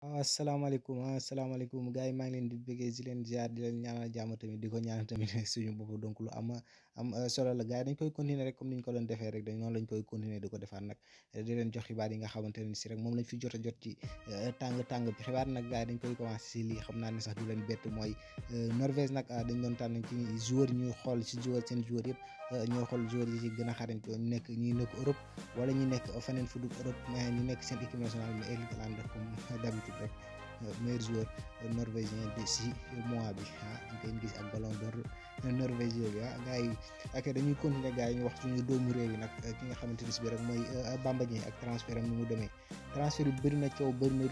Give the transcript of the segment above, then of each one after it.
asalaamaaleykum asalaamaaleykum gars yi maa ngi leen di bëggee si leen ziar di leen ñaanal jàmm tamit di ko ñaanal tamit suñu bopp donc lu am am solo la gars yi dañ koy continuer rek comme ni ñu ko doon defee rek dañ noonu lañ koy continuer di ko defaat nag di leen jox xibaar yi nga xamante ne si rek moom lañ fi jot a jot ci euh, tàng tàng bi xibaar nag gars yi dañ koy commencé si lii xam naa ne sax du leen bett mooy euh, Norvège nag ah, dañ doon tànn ci joueur ñu xool si joueur seen joueur yëpp ñoo xool joueurs yi ci gën a xarañte ñu nekk ñi nekk Europe wala ñu nekk feneen fu dul Europe mais ñu nekk euh, euh, de si mois bi ah ngeen gis ak ballon d'or euh, norvégien bi ah gars yi ak dañuy continuer gars yi ñu wax suñu doomu réew yi nag ki nga xamante ni si bi rek mooy Bamba Dieng ak transfert am ni mu demee transfert bi bëri na coow bëri na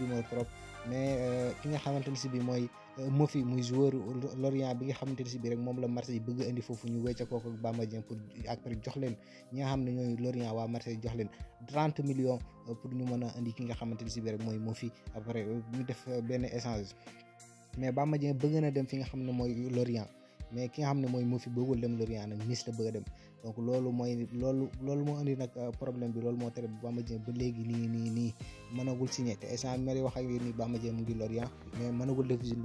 mais ki nga xamante ni si bi mooy. Mofi muy joueur Lorient bi nga xamante ne si bii rek moom la Marseille bëgg indi foofu ñu wecce kooku ak Bamba Dieng pour après jox leen ñi nga xam ne ñooy Lorient waa Marseille jox leen 30 millions euh, pour ñu mën a indi ki nga xamante ne si bii rek mooy Mofi après euh, ñu def euh, benn échange mais ba Dieng bëgg na dem fi nga xam ne mooy Lorient. mais ki nga xam ne mooy Mofi bëggul dem Lorient nag Nice la bëgg a dem donc loolu mooy loolu loolu moo indi nag euh, problème bi loolu moo tere Bamba Dieng ba léegi nii nii nii mënagul signé te instant bi wax ak yéen nii Bamba Dieng mu ngi Lorient mais mënagul que ki ne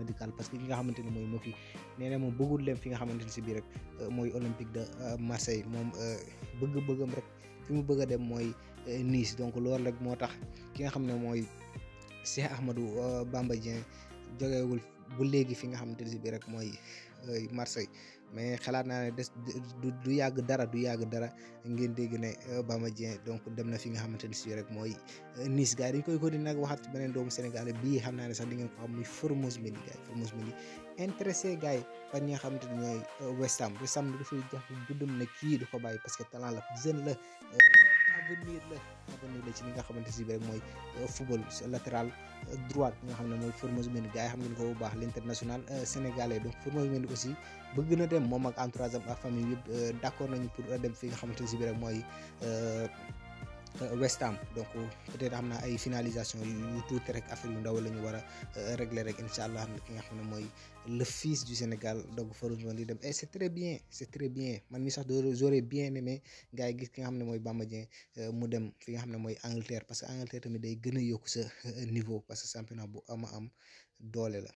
mooy Mofi nee na moom bëggul dem fi nga rek euh, mooy Olympique de euh, Marseille moom bëgg-bëggam rek fi mu bëgg a dem mooy niis donc loolu rek moo tax ki nga xam ne mooy Cheikh Ahmadou Bamba Dieng jógewul bu léegi fi nga xamante si bi rek mooy Marseille mais xalaat naa ne des du yàgg dara du yàgg dara ngeen dégg ne euh, Bamba Dieng donc dem na fi nga xamante ne si rek mooy euh, Nice gars yi dañ koy di nag waxaat ci beneen doomu Sénégal bii xam naa ne sax di ngeen ko xam muy Formose Mendy gars yi Formose Mendy intéressé gars yi par ñi euh, West Ham West Ham dafay jax guddum na kii du ko bàyyi parce que talent la jeune la avenir ci li nga xamante si bi rek mooy euh, football latéral droite bi nga xam ne mooy Formose Mendy gars yi xam ngeen ko bu baax l' international euh, sénégalais donc aussi bëgg na dem moom ak entourage am ak famille yëpp euh, d' nañu pour dem fi nga xamante si bi rek mooy Euh, West Ham donc peut na xam naa ay finalisation yu tuuti rek affaire yu ndaw la ñu war a euh, régler rek incha allah ki nga xam ne mooy le fils du Sénégal donc fa rejoindre di dem et c'est très bien c'est très bien man mi sax j'aurais bien aimé gars yi gis ki nga xam ne mooy Bamba Dieng euh, mu dem fi nga xam ne mooy Angleterre parce que Angleterre tamit day gën a yokk sa niveau parce que championnat bu ama am doole la